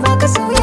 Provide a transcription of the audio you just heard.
vaca sua